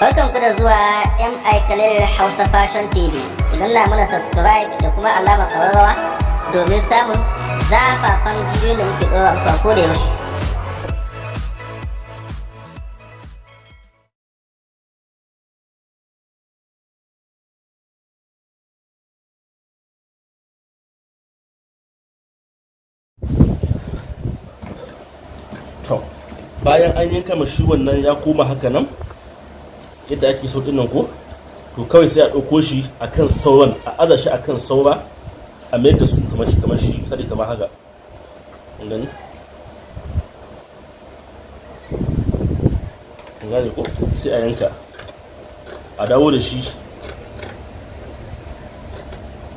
Barkan ku da zuwa MI Kalil Hausa Fashion TV. Idan na mana subscribe da kuma alamar kararrawa domin samun zafafan bidiyon da muke ɗora muku a koda yaushe. bayan an yanka shi wannan ya koma haka nan yadda ake so dinnan ko to kawai sai a ɗauko shi akan sauran a aza shi akan saura a mai da su kamar shi kamar shi sadi kamar haka gani gane ko sai a yanka a dawo da shi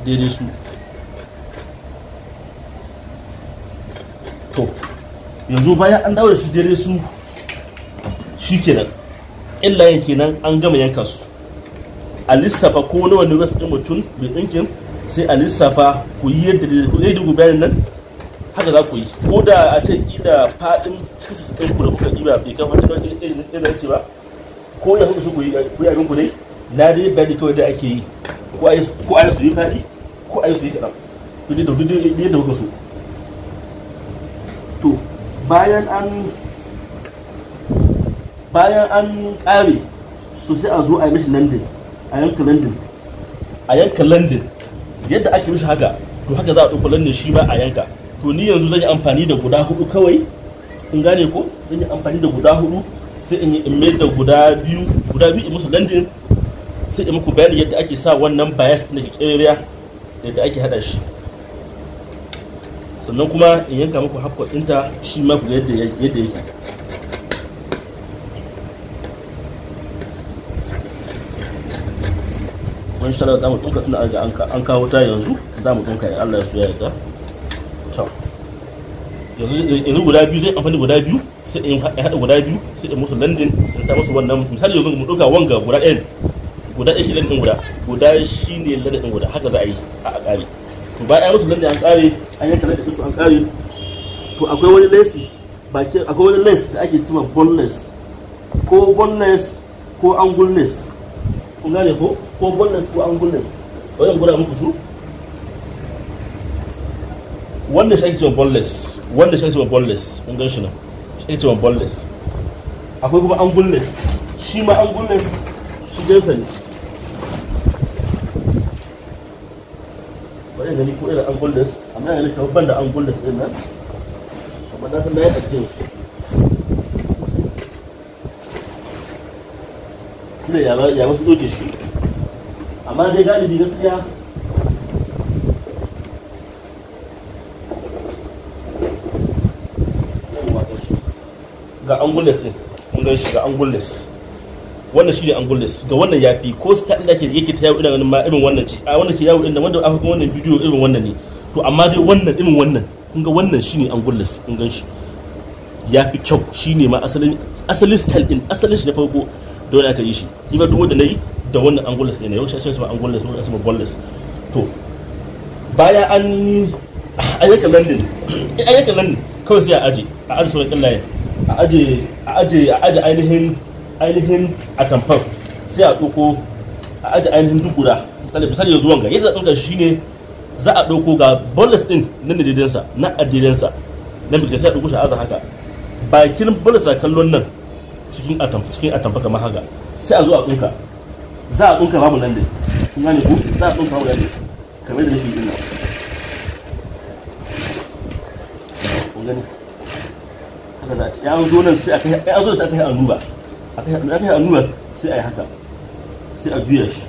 daidai su to yanzu bayan an dawo da shi daidai su shi kenan illa illayen kenan an gama yanka su a lissafa ko nawa wani rasu ɗin mutum mai ɗinkin sai a lissafa ku yi yadda ku yi dubu bayan nan haka za ku yi ko da a ce ida faɗin kisis ɗin ku da kuka ɗiba bai kan faɗin ɗin ɗin ɗin ce ba ko da kuka su ku yi abin ku ne na dai bayani kawai da ake yi ko a yi su yi faɗi ko a yi su yi kaɗan ku ne da duk yadda kuka so to bayan an bayan an ƙare so sai a zo a yi mishi landin a yanka landin a yanka landin yadda ake mishi haka to haka za a ɗauko landin shi ma a yanka to ni yanzu zan yi amfani da guda hudu kawai in gane ko zan yi amfani da guda hudu sai in yi in mai da guda biyu guda biyu in musu landin sai in muku bayani yadda ake sa wannan bayan da ke ƙirƙiriya yadda ake haɗa shi sannan kuma in yanka muku inta shi ma ku yadda yake ko insha Allah za mu dunka tun an kawo ta yanzu za mu dunka in Allah ya so ya yarda to yanzu guda biyu zai amfani guda biyu sai in haɗa guda biyu sai in musu landin in sa musu wannan misali yanzu mu ɗauka wanga guda ɗayan guda ɗaya shi landin guda guda shi ne landin guda haka za a yi a ƙare to bayan musu landin an ƙare an yanka landin su an ƙare to akwai wani lesi akwai wani les da ake cima bonnes ko bonnes ko angulnes kun gane ko ko gwannan ko an gwannan wajen gwada muku su wannan shi ake cewa boneless wannan shi ake cewa boneless kun gan shi nan shi ake cewa boneless akwai kuma an gwannan shi ma an gwannan shi jinsa ne bari gani ko irin an gwannan amma yana da ban da an gwannan ɗin nan amma na san na yi ajiyar shi tunda ya wasu doke shi amma dai galibi gaskiya ga angules din kun gan shi ga angules wannan shi ne angules ga wannan ya fi ko stat da ke yake ta yawo irin ganin ma irin wannan ce a wannan ke yawo irin wanda aka kuma wannan bidiyo irin wannan ne to amma dai wannan irin wannan kun ga wannan shi ne angules kun gan shi ya fi kyau shi ne ma asalin asalin style din asalin shi na farko dole aka yi shi shi ba duk wanda na yi da wannan angulas ne yau su ba angulas wani asuma bolas to baya an ayyukan landin ayyukan london kawai sai a aje a aje sauran kallayen a aje a aje a aje ainihin ainihin a tamfar sai a ɗauko a aje ainihin duk guda misali misali yanzu ga yadda ɗaukar shi ne za a ɗauko ga bolas ɗin na daidansa na adidansa na mai sai a ɗauko shi a aza haka bakin bolas na kallon nan cikin atamfa cikin atamfa kamar haka sai a zo a ɗinka za a ɗinka babu nan da kun gane ku za a ɗinka babu nan da kamar da nake yi nan kun gani haka za a ce ya zo nan sai a kai ya zo sai a kai annuba a kai a kai annuba sai a yi haka sai a juya shi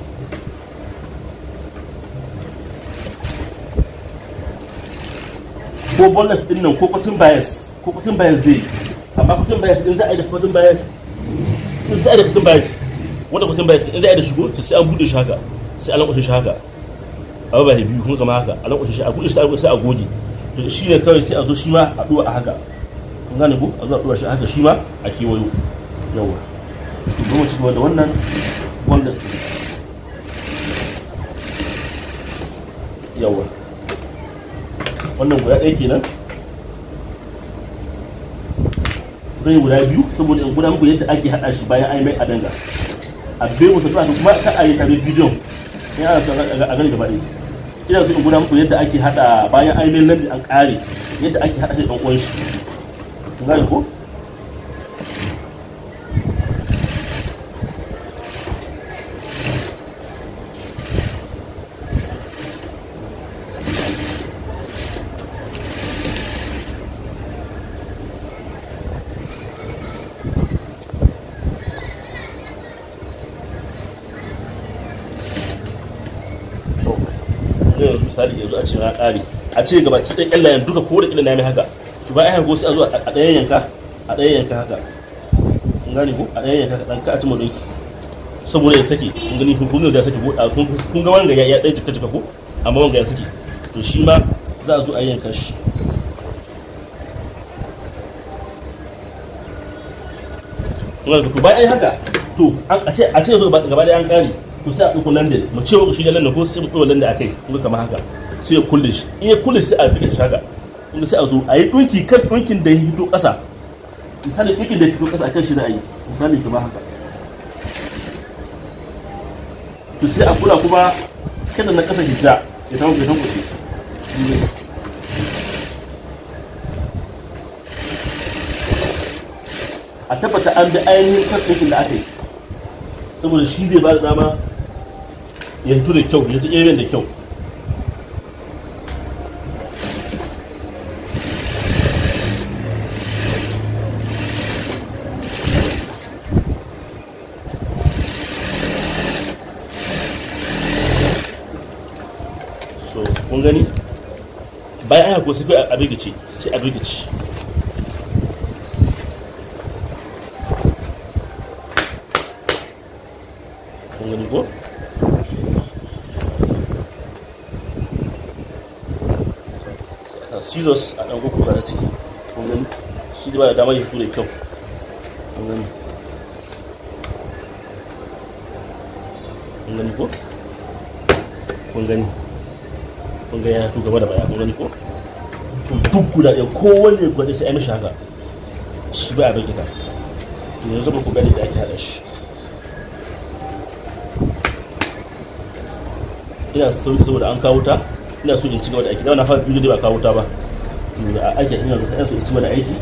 ko bolus ɗin nan ko kwatin bias ko kwatin bias zai yi amma kudin bias in za a yi da kudin bias in za a yi da kudin bias wanda kudin bias in za a yi da shigo to sai an bude shi haka sai an lankwashe shi haka a babaye biyu kuma kama haka a lankwashe shi a bude shi sai a goge to shi ne kawai sai a zo shi ma a duwa a haka kun gane ko a zo a duwa shi a haka shi ma a kewayo yawa to ci da wannan wanda yawa wannan guda ɗaya kenan zai guda biyu saboda in guda muku yadda ake hada shi bayan an mai adanga a bai wasu ta kuma ta a yi tare bidiyon ya ana sa a gani gaba ɗaya ina so in guda muku yadda ake hada bayan an mai lalle an ƙare yadda ake hada shi ɗan uwan shi kun gane ko misali yanzu a ce na ƙari a ce gaba ki ɗan ƙyallayen duka ko da ƙyallayen haka ki ba ayan sai a zo a ɗayan yanka a ɗayan yanka haka in gane ko a ɗayan yanka ka ɗan ka a cimma ɗinki saboda ya sake kun gani kun da ya sake ko kun ga wanga ya ɗaya jika jika ko amma wanga ya sake to shi ma za a zo a yanka shi kun gane ko bayan haka to a ce a ce yanzu gaba ɗaya an ƙare ku sai a nan london mu ce wa da london ko sai mu ɗauko london a kai kuma kamar haka sai ya kulle shi in ya kulle sai a bige shaga kuma sai a zo a yi ɗunki kan ɗunkin da ya fito ƙasa misali ɗunkin da ya fito ƙasa kan shi za a yi misali kamar haka to sai a kula kuma kada na ƙasa hijja ya tawo ya tawo a tabbata an bi ainihin kan ɗinkin da aka yi saboda shi zai ba da dama ya da kyau ya ta ƙeben da kyau so kun gani bayan aka kusa kai a bigici sai a bigici kun gani ko jesus a ɗan kuku na ciki kun gani shi zai ba da damar ya fito da kyau kun gani kun gani ko kun gani kun gani ya gaba da baya kun gani ko to duk guda ɗaya kowanne guda sai ya mishi haka shi ba a bai gida to yanzu ba ku gani da ake haɗa shi ina so saboda an kawo ta ina so in ci gaba da aiki da na fara bidiyo da ba kawo ta ba da ake ina da sai su ci wani aiki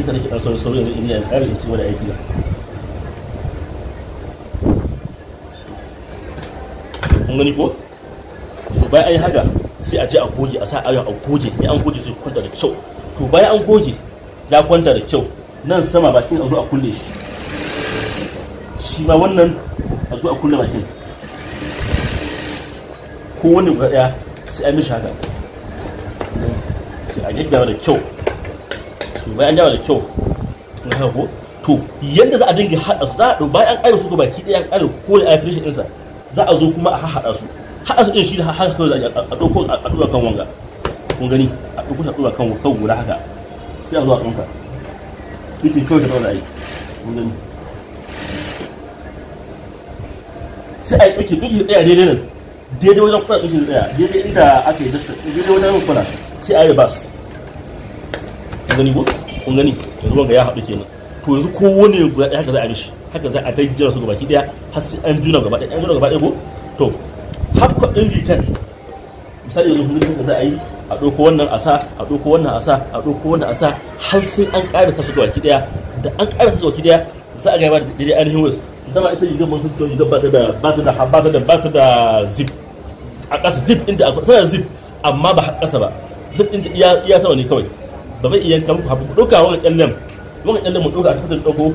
ita nake ɗan sauran sauran yanzu ina in ci wani aiki kun gani ko to bayan an haka sai a je a goge a sa ayon a goge in an goge sai kwanta da kyau to bayan an goge ya kwanta da kyau nan sama bakin a zo a kulle shi shi ma wannan a zo a kulle bakin ko wani sai a mishi haka a gyaggyara da kyau su an gyara da kyau na haihu to yadda za a dinga haɗa su za a bayan an ƙare su baki ɗaya an ko da fashin ɗinsa za a zo kuma a haɗa su haɗa su ɗin shi da haɗa za a ɗauko a ɗora kan wanga kun gani a ɗauko a ɗora kan wanga guda haka sai a zo a ɗauka cikin kawai ta ɗora a yi kun gani sai a yi ɗauki ɗauki tsaya daidai nan daidai wajen kula ɗauki tsaya daidai inda aka yi daidai wajen kula sai a yi bas gani ko kun gani yanzu wanga ya haɗu kenan to yanzu wani guda ɗaya haka za a shi haka za a dajjira su gabaki ɗaya har sai an juna gaba ɗaya an juna gaba ɗaya ko to har kwaɗin rikan misali yanzu kun gani za a yi a ɗauko wannan sa a ɗauko wannan a sa a ɗauko wannan sa har sai an ƙara ta su gabaki ɗaya da an ƙara ta su gabaki ɗaya za a ba da an ainihin wasu dama ita rigar masu kyau rigar ba ta da ba ta da ba ta da ba ta da zip a ƙasa zip inda da akwai tana zip amma ba a ƙasa ba zip inda iya sama ne kawai ba zai iya yanka muku hafi ɗauka wani ƙyallen wani ƙyallen mu ɗauka a tafitar ɗauko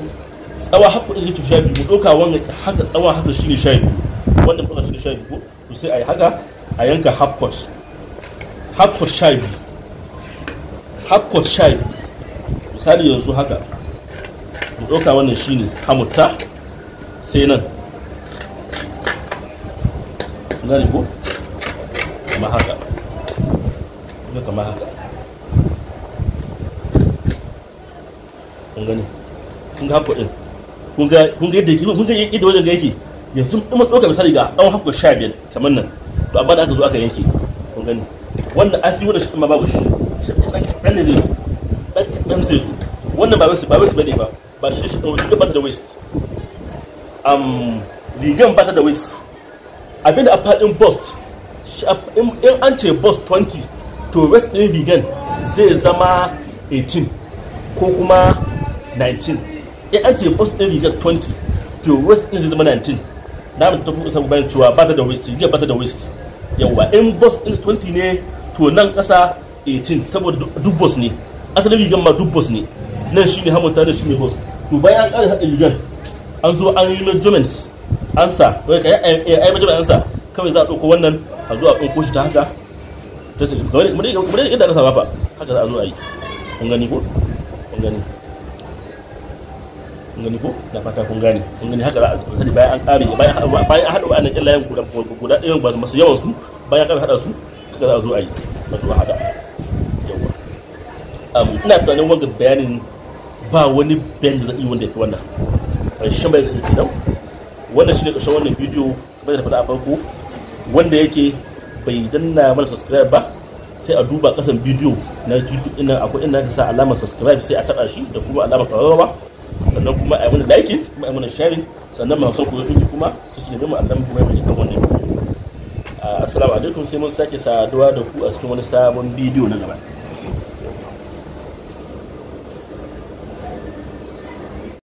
tsawa haka ɗin to sha biyu mu ɗauka wani haka tsawa haka shi ne sha biyu wanda mu ɗauka shi ne sha biyu to sai a yi haka a yanka hapkot hapkot sha biyu hapkot sha biyu misali yanzu haka mu ɗauka wannan shi ne hamutta sai nan gane ko kamar haka kamar haka kun gani kun ga kuɗin kun ga kun ga yadda yake kun ga yadda wajen ga yake yanzu in mun ɗauka misali ga ɗan hakko sha biyar kamar nan to amma da aka zo aka yanke kun gani wanda wanda shi babu shi ɗan ne zai zo ɗan kaɗan zai zo wannan ba wasu ba wasu bane ba ba shi shi ɗan ba ta da waist um, rigan ba ta da abinda a faɗin bust in an ce bust 20 to waist ɗin rigan zai zama 18 ko kuma 19 ya ce post ɗin rigar 20 to west ɗin zama 19 na mutu tafi kusa bayan cewa ba ta da west rigar ba ta da west yawwa in boss ɗin 20 ne to nan kasa 18 saboda duk boss ne asalin rigar ma duk boss ne nan shine hamilton nan shine boss to bayan an ƙara haɗa rigar an zo an yi measurement ansa sa wai ka yi measurement an sa kawai za a ɗauko wannan a zo a ɗauko shi ta haka ta sai kamar yadda aka saba fa haka za a zo a yi kun gani ko kun gani kun gani ko da fata kun gane kun gani haka za a misali bayan an kare bayan bayan hada wa'annan ƙillayen guda guda ɗayan ba masu yawan su bayan an hada su haka za a zo a yi a zo a hada yawa ina tunanin wanga bayanin ba wani bayan da zan yi wanda ya fi wannan ƙarshen bayan da kenan wannan shine ƙarshen wannan bidiyo kamar da faɗa a farko wanda yake bai danna mana subscribe ba sai a duba ƙasan bidiyo na youtube ina akwai ina ka sa alamar subscribe sai a taɓa shi da kuma alamar ƙararrawa sannan kuma a yi mana like kuma a yi mana sharing sannan masu koyo tuki kuma su su nemi Allah mu mai kan wannan ah, assalamu alaikum sai mun sake saduwa da ku a cikin wani sabon bidiyo na gaba